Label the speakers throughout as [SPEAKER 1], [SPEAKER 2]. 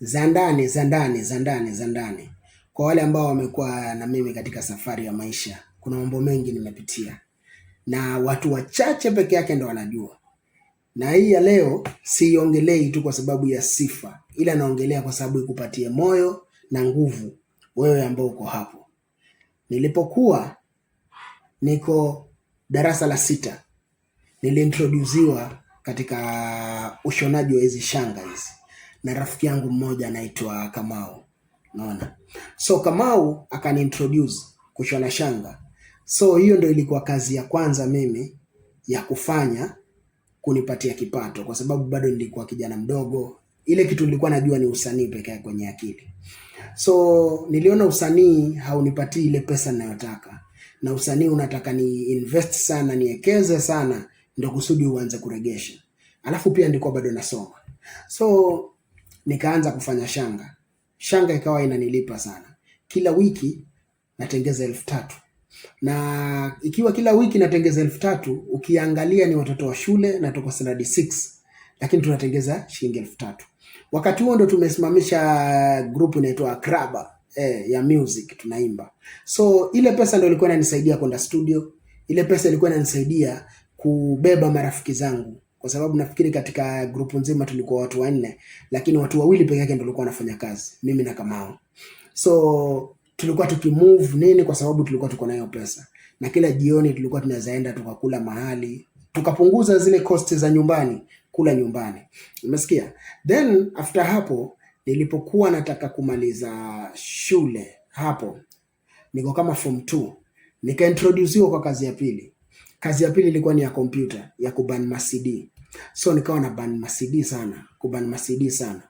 [SPEAKER 1] za ndani za ndani za ndani za ndani. Kwa wale ambao wamekuwa na mimi katika safari ya maisha, kuna mambo mengi nimepitia na watu wachache peke yake ndo wanajua, na hii ya leo siiongelei tu kwa sababu ya sifa, ila naongelea kwa sababu ikupatie moyo na nguvu wewe ambao uko hapo. Nilipokuwa niko darasa la sita, niliintrodusiwa katika ushonaji wa hizi shanga hizi na rafiki yangu mmoja anaitwa Kamau. Unaona? So Kamau akaniintroduce kushona shanga. So hiyo ndio ilikuwa kazi ya kwanza mimi ya kufanya kunipatia kipato kwa sababu bado nilikuwa kijana mdogo. Ile kitu nilikuwa najua ni usanii peke yake kwenye akili. So niliona usanii haunipatii ile pesa ninayotaka. Na usanii unataka ni invest sana, niwekeze sana ndio kusudi uanze kuregesha. Alafu pia nilikuwa bado nasoma. So nikaanza kufanya shanga. Shanga ikawa inanilipa sana, kila wiki natengeza elfu tatu na ikiwa kila wiki natengeza elfu tatu ukiangalia ni watoto wa shule natoka standard 6 lakini tunatengeza shilingi elfu tatu wakati huo ndo tumesimamisha grupu inaitwa Kraba eh, ya music tunaimba. So ile pesa ndo ilikuwa inanisaidia kwenda studio, ile pesa ilikuwa inanisaidia kubeba marafiki zangu kwa sababu nafikiri katika grupu nzima tulikuwa watu wanne, lakini watu wawili peke yake ndio walikuwa wanafanya kazi, mimi na Kamau. So tulikuwa tukimove nini, kwa sababu tulikuwa tuko nayo pesa, na kila jioni tulikuwa tunazaenda tukakula mahali, tukapunguza zile cost za nyumbani, kula nyumbani, umesikia? Then after hapo nilipokuwa nataka kumaliza shule hapo, niko kama form 2 nikaintroduciwa kwa kazi ya pili. Kazi ya pili ilikuwa ni ya kompyuta ya kuban ma CD So nikawa na ban masidi sana, kuban masidi sana.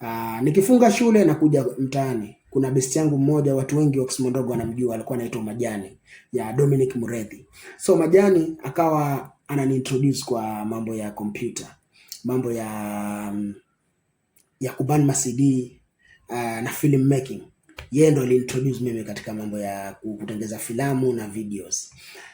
[SPEAKER 1] Aa, ah, nikifunga shule na kuja mtaani, kuna best yangu mmoja, watu wengi wa Kisumu Ndogo wanamjua, alikuwa anaitwa Majani ya Dominic Muredhi. So Majani akawa ananiintroduce kwa mambo ya kompyuta, mambo ya mm, ya kuban masidi uh, na film making yeye ndo aliniintroduce mimi katika mambo ya kutengeza filamu na videos.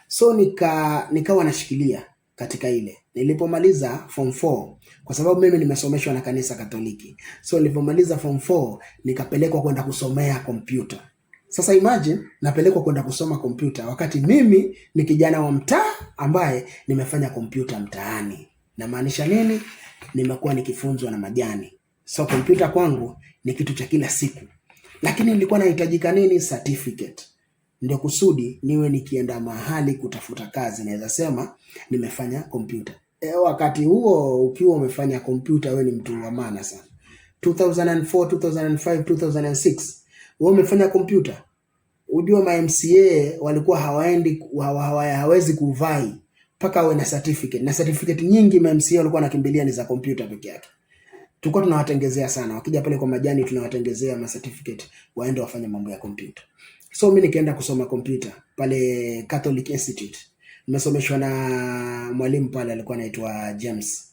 [SPEAKER 1] So nika nikawa nashikilia katika ile. Nilipomaliza form 4 kwa sababu mimi nimesomeshwa na kanisa Katoliki. So nilipomaliza form 4 nikapelekwa kwenda kusomea kompyuta. Sasa imagine napelekwa kwenda kusoma kompyuta wakati mimi ni kijana wa mtaa ambaye nimefanya kompyuta mtaani. Namaanisha nini? Nimekuwa nikifunzwa na majani. So kompyuta kwangu ni kitu cha kila siku. Lakini nilikuwa nahitajika nini? Certificate ndio kusudi niwe nikienda mahali kutafuta kazi, naweza sema nimefanya kompyuta. E, wakati huo ukiwa umefanya kompyuta wewe ni mtu wa maana sana. 2004, 2005, 2006 wewe umefanya kompyuta, ujua ma MCA walikuwa hawaendi hawa, hawa, hawezi kuvai mpaka awe na certificate na certificate nyingi ma MCA walikuwa nakimbilia ni za kompyuta peke yake. Tulikuwa tunawatengezea sana, wakija pale kwa majani tunawatengezea ma certificate waende wafanye mambo ya kompyuta. So mi nikaenda kusoma kompyuta pale Catholic Institute. Nimesomeshwa na mwalimu pale alikuwa anaitwa James.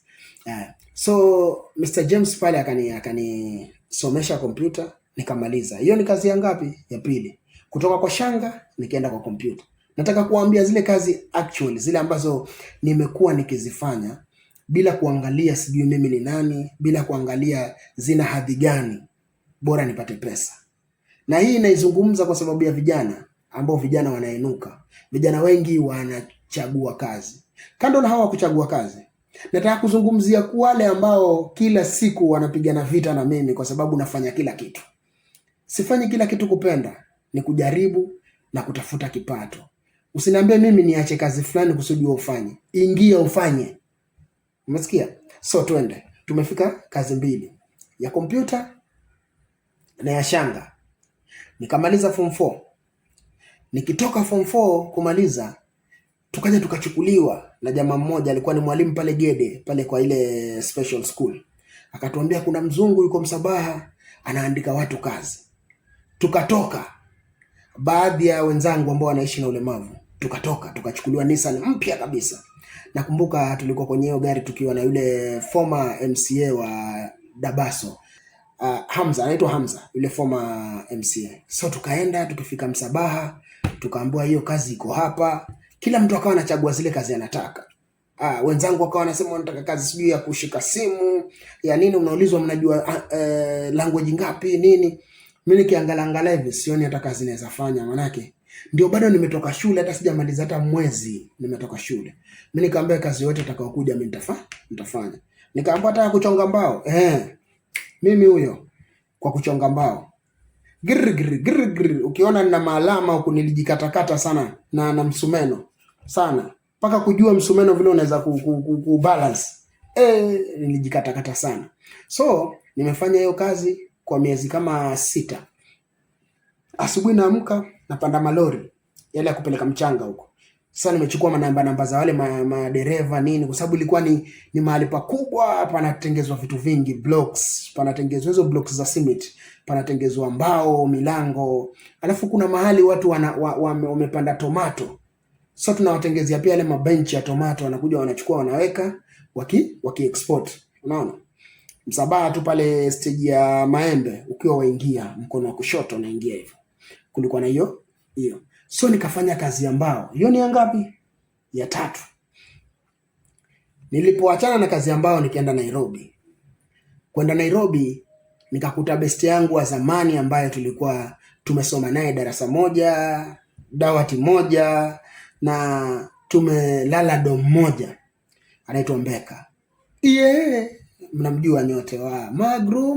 [SPEAKER 1] Yeah. So Mr. James pale akani akanisomesha kompyuta nikamaliza. Hiyo ni kazi ya ngapi? Ya pili. Kutoka kwa shanga nikaenda kwa kompyuta Nataka kuambia zile kazi actual zile ambazo nimekuwa nikizifanya bila kuangalia sijui mimi ni nani, bila kuangalia zina hadhi gani, bora nipate pesa na hii inaizungumza kwa sababu ya vijana ambao vijana wanainuka, vijana wengi wanachagua kazi. Kando na hawa kuchagua kazi, nataka kuzungumzia wale ambao kila siku wanapigana vita na mimi kwa sababu nafanya kila kitu. Sifanyi kila kitu kupenda, ni kujaribu na kutafuta kipato. Usiniambie mimi niache kazi fulani kusudi ufanye, ingia ufanye. Umesikia? So twende, tumefika kazi mbili ya kompyuta na ya shanga nikamaliza form 4. Nikitoka form 4 kumaliza, tukaja tukachukuliwa na jamaa mmoja, alikuwa ni mwalimu pale Gede pale kwa ile special school, akatuambia kuna mzungu yuko Msabaha anaandika watu kazi. Tukatoka baadhi ya wenzangu ambao wanaishi na ulemavu, tukatoka tukachukuliwa Nissan mpya kabisa. Nakumbuka tulikuwa kwenye hiyo gari tukiwa na yule former MCA wa Dabaso uh, Hamza anaitwa Hamza yule former uh, MCA. So tukaenda tukifika msabaha, tukaambiwa hiyo kazi iko hapa, kila mtu akawa anachagua zile kazi anataka. Ah, wenzangu wakawa wanasema wanataka kazi sijui ya kushika simu ya nini, unaulizwa mnajua uh, uh, language ngapi nini. Mimi nikiangalia angalia hivi sioni hata kazi naweza fanya, manake ndio bado nimetoka shule, hata sijamaliza hata mwezi nimetoka shule. Mimi nikaambia kazi yote atakayokuja mimi nitafanya, nitafanya. Nikaambiwa hata kuchonga mbao eh mimi huyo kwa kuchonga mbao. Gir gir gir gir, ukiona nina maalama huku nilijikatakata sana na na msumeno sana, mpaka kujua msumeno vile unaweza ku, ku, ku, ku balance eh, nilijikatakata sana. So nimefanya hiyo kazi kwa miezi kama sita. Asubuhi naamka napanda malori yale ya kupeleka mchanga huko sasa nimechukua manamba namba za wale madereva nini, kwa sababu ilikuwa ni ni mahali pakubwa, panatengezwa vitu vingi, blocks panatengezwa hizo blocks za cement, panatengezwa mbao, milango, alafu kuna mahali watu wana, wa, wa, wamepanda tomato. Sasa tunawatengezea pia yale mabenchi ya tomato, wanakuja wanachukua wanaweka, waki waki export. Unaona msabaha tu pale stage ya Maembe, ukiwa waingia mkono wa kushoto unaingia hivyo, kulikuwa na hiyo hiyo sio nikafanya kazi ya mbao. Hiyo ni ya ngapi? Ya tatu. Nilipoachana na kazi ya mbao nikaenda Nairobi. Kwenda Nairobi nikakuta besti yangu wa zamani ambaye tulikuwa tumesoma naye darasa moja, dawati moja na tumelala dom moja, anaitwa Mbeka. Yeah, mnamjua nyote wa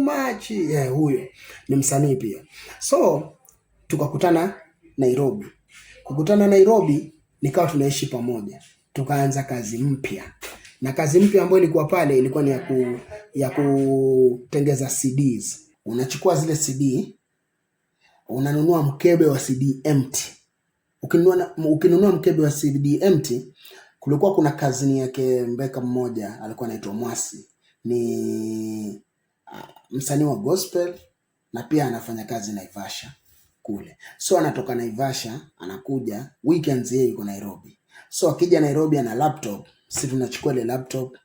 [SPEAKER 1] Match. Yeah, huyo ni msanii pia. So tukakutana Nairobi kukutana Nairobi, nikawa tunaishi pamoja, tukaanza kazi mpya na kazi mpya ambayo ilikuwa pale ilikuwa ni ya ku, ya kutengeza CDs. Unachukua zile CD, unanunua mkebe wa CD empty. Ukinunua, ukinunua mkebe wa CD empty, kulikuwa kuna kazini yake mbeka mmoja alikuwa anaitwa Mwasi, ni ah, msanii wa gospel na pia anafanya kazi Naivasha kule. So anatoka Naivasha anakuja weekends, yeye yuko Nairobi. So akija Nairobi ana laptop, si tunachukua ile laptop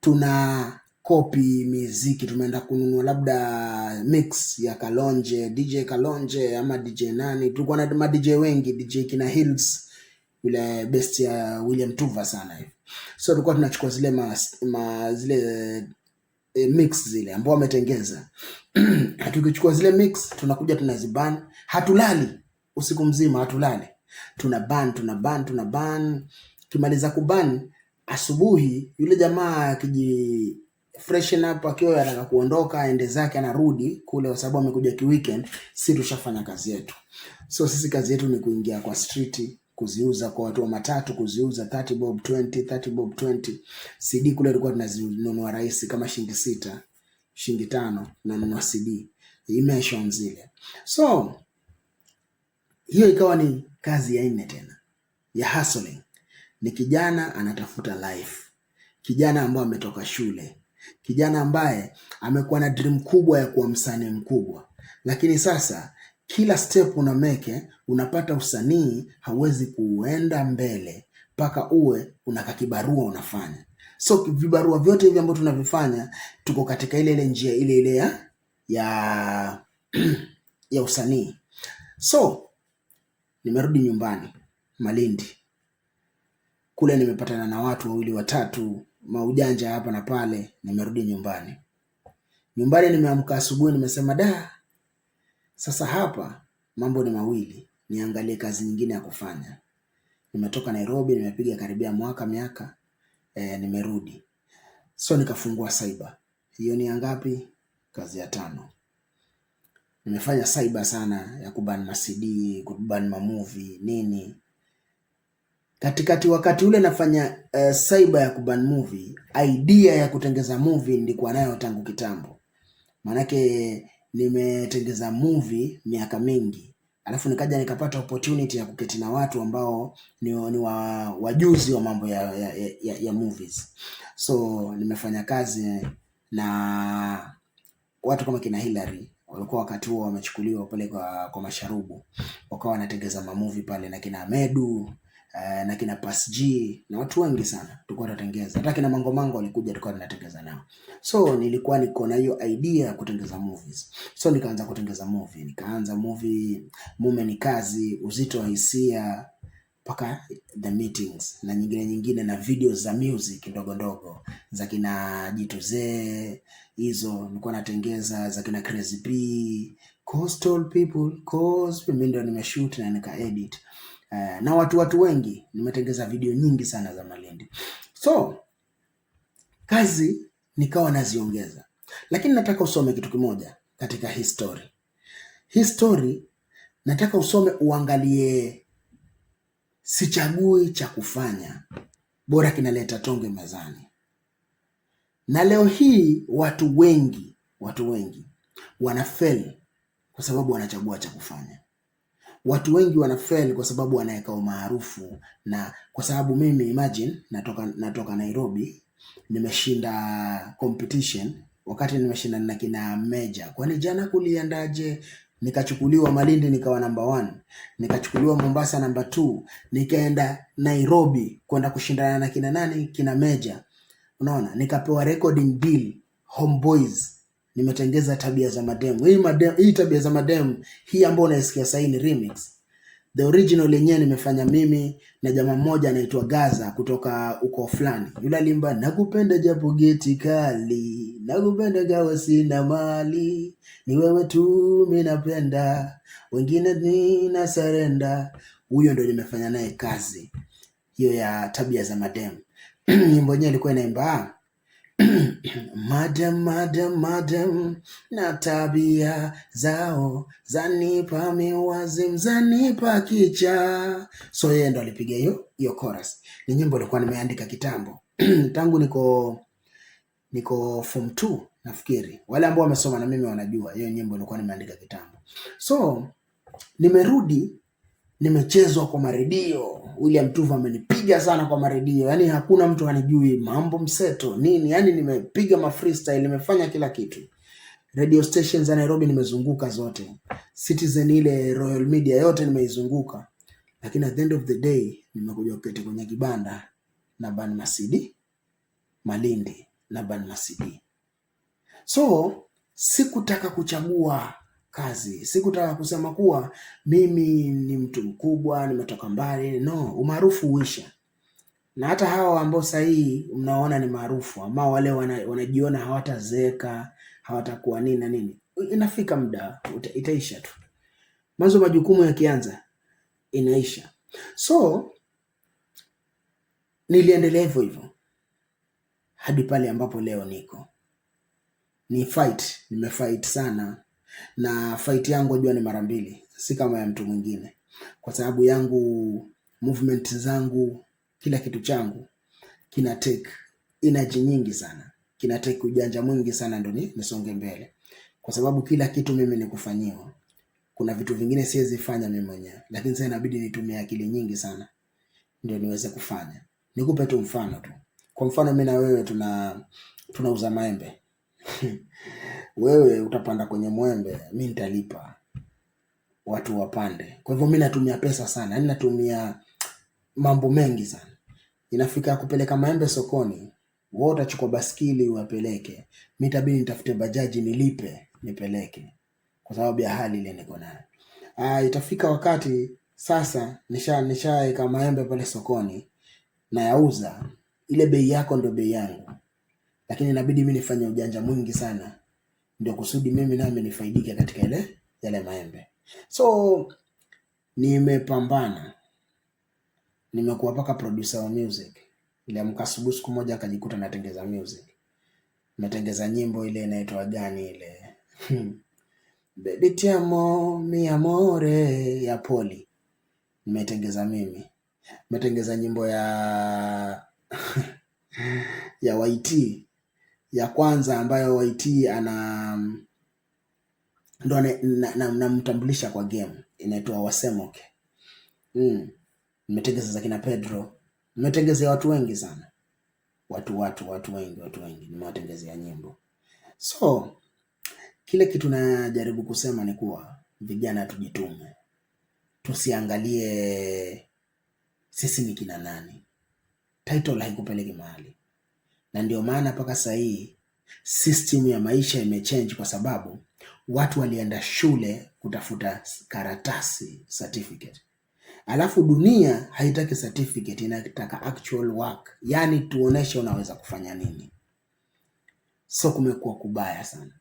[SPEAKER 1] tuna kopi miziki, tumeenda kununua labda mix ya Kalonje, DJ Kalonje ama DJ nani, tulikuwa na ma DJ wengi, DJ kina Hills yule best ya William Tuva sana hivi. So tulikuwa tunachukua zile ma, ma, zile e, mix zile ambao wametengeza tukichukua zile mix tunakuja tunaziban, hatulali usiku mzima, hatulali tunaban tunaban tunaban. Kimaliza kuban, asubuhi yule jamaa akiji freshen up akiwa anataka kuondoka aende zake, anarudi kule, kwa sababu amekuja kiweekend, si tushafanya kazi yetu. So sisi kazi yetu ni kuingia kwa street kuziuza kwa watu wa matatu, kuziuza 30 bob 20, 30 bob 20. CD kule ilikuwa tunazinunua rahisi kama shilingi sita, shilingi tano tunanunua CD imeshon zile. So hiyo ikawa ni kazi ya nne tena ya hustling. Ni kijana anatafuta life, kijana ambaye ametoka shule, kijana ambaye amekuwa na dream kubwa ya kuwa msanii mkubwa, lakini sasa kila step una make unapata usanii hauwezi kuenda mbele mpaka uwe una kakibarua unafanya. So vibarua vyote hivi ambavyo tunavifanya tuko katika ile ile njia ile ile ya ya, ya usanii. So nimerudi nyumbani Malindi, kule nimepatana na watu wawili watatu maujanja hapa na pale. Nimerudi nyumbani, nyumbani nimeamka asubuhi, nimesema da, sasa hapa mambo ni mawili niangalie kazi nyingine ya kufanya. Nimetoka Nairobi, nimepiga karibia mwaka miaka e, nimerudi. So nikafungua cyber. Hiyo ni ngapi? Kazi ya tano. Nimefanya cyber sana ya kuban ma CD, kuban ma movie, nini. Katikati wakati ule nafanya uh, cyber ya kuban movie, idea ya kutengeza movie nilikuwa nayo tangu kitambo. Manake nimetengeza movie miaka mingi alafu nikaja nikapata opportunity ya kuketi na watu ambao ni, ni wa, wajuzi wa mambo ya, ya, ya, ya movies. So nimefanya kazi na watu kama kina Hillary walikuwa wakati huo wamechukuliwa pale kwa, kwa Masharubu wakawa wanatengeza mamuvi pale na kina medu uh, na kina PSG na watu wengi sana tulikuwa tunatengeneza, hata kina Mango Mango walikuja, tulikuwa tunatengeneza nao. So nilikuwa niko na hiyo idea ya kutengeneza movies, so nikaanza kutengeneza movie, nikaanza movie Mume ni Kazi, Uzito wa Hisia mpaka the meetings na nyingine nyingine, na videos za music ndogo ndogo za kina Jitu Zee, hizo nilikuwa natengeza za kina Crazy P, Coastal People, Cause mimi ndio nimeshoot na nika edit Eh, na watu watu wengi. Nimetengeza video nyingi sana za Malindi, so kazi nikawa naziongeza, lakini nataka usome kitu kimoja katika history. History nataka usome uangalie, sichagui cha kufanya, bora kinaleta tonge mezani. Na leo hii watu wengi watu wengi wanafeli kwa sababu wanachagua cha kufanya watu wengi fail kwa sababu wanaweka umaarufu, na kwa sababu mimi imagine, natoka natoka Nairobi nimeshinda competition, wakati nimeshinda na kina Meja, kwani jana kuliandaje? Nikachukuliwa Malindi nikawa number one, nikachukuliwa Mombasa number two, nikaenda Nairobi kwenda kushindana na kina nani, kina Meja, unaona, nikapewa recording deal Homeboys nimetengeza tabia za mademu. Hii mademu, hii tabia za mademu hii ambayo unaisikia sasa ni remix. The original yenyewe nimefanya mimi na jamaa mmoja anaitwa Gaza kutoka uko fulani. Yule alimba nakupenda japo geti kali, nakupenda gawa sina mali, ni wewe tu mimi napenda, wengine ni na serenda. Huyo ndo nimefanya naye kazi hiyo ya tabia za mademu. Nyimbo yenyewe ilikuwa inaimba Madam, madam, madam na tabia zao zanipa miwazimu, zanipa kicha. So yeye ndo alipiga hiyo hiyo chorus. Ni nyimbo ilikuwa nimeandika kitambo tangu niko niko form 2 nafikiri. Wale ambao wamesoma na mimi wanajua hiyo nyimbo ilikuwa nimeandika kitambo. So nimerudi nimechezwa kwa maredio. William Tuva amenipiga sana kwa maredio, yaani hakuna mtu anijui, mambo mseto nini, yaani nimepiga ma freestyle, nimefanya kila kitu. Radio stations za Nairobi nimezunguka zote, Citizen ile Royal Media yote nimeizunguka, lakini at the end of the day nimekuja kuketi kwenye kibanda na Ban Masidi Malindi na Ban Masidi. So sikutaka kuchagua kazi. Sikutaka kusema kuwa mimi ni mtu mkubwa, nimetoka mbali. No, umaarufu huisha, na hata hawa ambao hii mnaona ni maarufu, ama wale wana, wanajiona hawatazeeka hawatakuwa nini na nini, inafika muda itaisha tu. Mwanzo majukumu yakianza inaisha. So niliendelea hivyo hivyo hadi pale ambapo leo niko ni fight, nimefight sana na fight yangu jua ni mara mbili, si kama ya mtu mwingine, kwa sababu yangu movement zangu, kila kitu changu kina take energy nyingi sana, kina take ujanja mwingi sana ndo ni nisonge mbele, kwa sababu kila kitu mimi ni kufanyiwa. Kuna vitu vingine siwezi fanya mimi mwenyewe, lakini sasa inabidi nitumie akili nyingi sana ndio niweze kufanya. Nikupe tu mfano tu, kwa mfano mimi na wewe tuna tunauza maembe wewe utapanda kwenye mwembe, mi nitalipa watu wapande. Kwa hivyo mi natumia pesa sana, yani natumia mambo mengi sana. Inafika kupeleka maembe sokoni, wewe utachukua baskili uwapeleke, mi itabidi nitafute bajaji nilipe nipeleke, kwa sababu ya hali ile niko nayo. Ah, itafika wakati sasa nisha nishaeka maembe pale sokoni yauza, ile bei yako ndio bei yangu, lakini inabidi mi nifanye ujanja mwingi sana ndio kusudi mimi nami nifaidike katika ile yale maembe. So nimepambana, nimekuwa mpaka producer wa music. Niliamka asubuhi siku moja akajikuta natengeza music, natengeza nyimbo ile inaitwa gani ile Baby ti amo mi amore ya Poli nimetengeza mimi, nimetengeza nyimbo ya ya YT ya kwanza ambayo Waiti ana ndo namtambulisha na, na kwa game inaitwa Wasemoke. Mm. Nimetengeza za kina Pedro, nimetengezea watu wengi sana, watu watu watu wengi watu wengi nimewatengezea nyimbo. So kile kitu najaribu kusema ni kuwa vijana tujitume, tusiangalie sisi ni kina nani. Title haikupeleki mahali na ndio maana mpaka sasa hii system ya maisha imechange, kwa sababu watu walienda shule kutafuta karatasi certificate, alafu dunia haitaki certificate, inataka actual work, yani tuoneshe unaweza kufanya nini. So kumekuwa kubaya sana.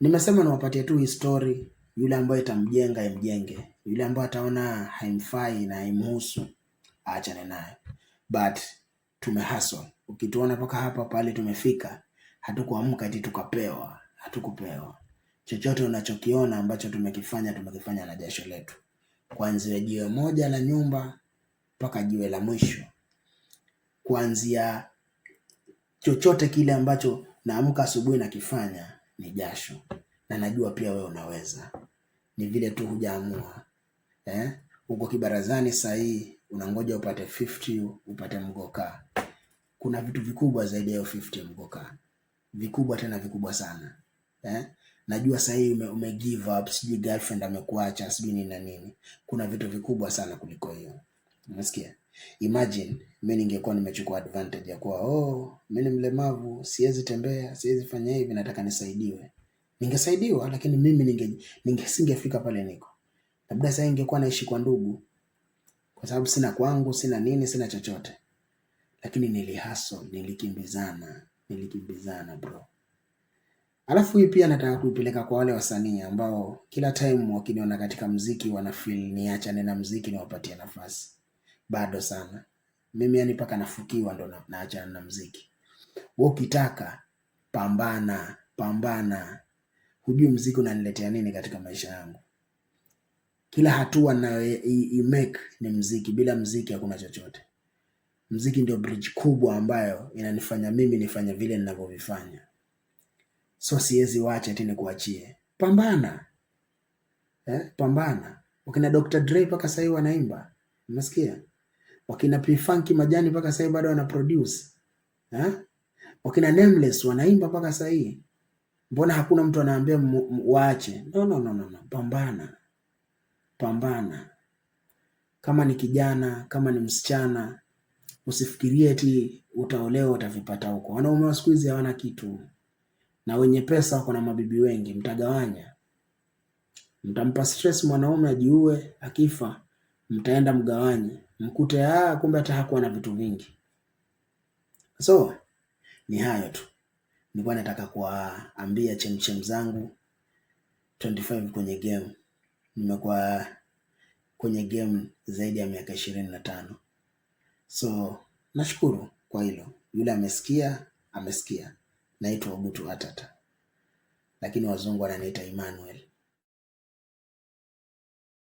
[SPEAKER 1] Nimesema niwapatie tu history, yule ambaye itamjenga imjenge, yule ambaye ataona haimfai na haimhusu aachane naye but tumehaswa. Ukituona mpaka hapa pale tumefika, hatukuamka eti tukapewa, hatukupewa chochote. Unachokiona ambacho tumekifanya, tumekifanya na jasho letu, kuanzia jiwe moja la nyumba mpaka jiwe la mwisho, kuanzia chochote kile ambacho naamka asubuhi nakifanya ni jasho, na najua pia wewe unaweza. Ni vile tu hujaamua eh? Uko kibarazani saa hii unangoja upate 50 upate mgoka kuna vitu vikubwa zaidi ya 50 mboka vikubwa tena vikubwa sana eh? Najua sasa hivi ume, ume give up, sijui girlfriend amekuacha, sijui nini na nini. Kuna vitu vikubwa sana kuliko hiyo, unasikia? Imagine mimi ningekuwa nimechukua advantage ya kuwa oh, mimi ni mlemavu, siwezi tembea, siwezi fanya hivi, nataka nisaidiwe. Ningesaidiwa, lakini mimi ninge ningesingefika pale niko. Labda sasa ingekuwa naishi kwa ndugu, kwa sababu sina kwangu, sina nini, sina chochote lakini nilihaso nilikimbizana, nilikimbizana bro. Alafu hii pia nataka kuipeleka kwa wale wasanii ambao kila time wakiniona katika mziki wana feel niachane na mziki niwapatie nafasi. Bado sana mimi, yani mpaka nafukiwa ndo naachana na mziki. Wewe ukitaka pambana, pambana. Hujui mziki unaniletea nini katika maisha yangu. Kila hatua nayo make ni mziki, bila mziki hakuna chochote mziki ndio bridge kubwa ambayo inanifanya mimi nifanye vile ninavyovifanya. So siwezi wacha eti nikuachie. Pambana. Eh, pambana. Wakina Dr. Dre mpaka sasa wanaimba. Unasikia? Wakina P Funky Majani mpaka sasa bado wana produce. Eh? Wakina Nameless wanaimba mpaka sasa hii. Mbona hakuna mtu anaambia waache? No, no, no, no, no. Pambana. Pambana. Kama ni kijana, kama ni msichana, Usifikirie ti utaolewa utavipata huko. Wanaume wa siku hizi hawana kitu, na wenye pesa wako na mabibi wengi, mtagawanya. Mtampa stress mwanaume ajiue, akifa mtaenda mgawanye, mkute ah, kumbe hata hakuwa na vitu vingi. So ni hayo tu nilikuwa nataka kuwaambia, chemchem zangu 25 kwenye game. Nimekuwa kwenye game zaidi ya miaka ishirini na tano. So nashukuru kwa hilo, yule amesikia amesikia. Naitwa Obutu Atata, lakini wazungu wananiita Emmanuel.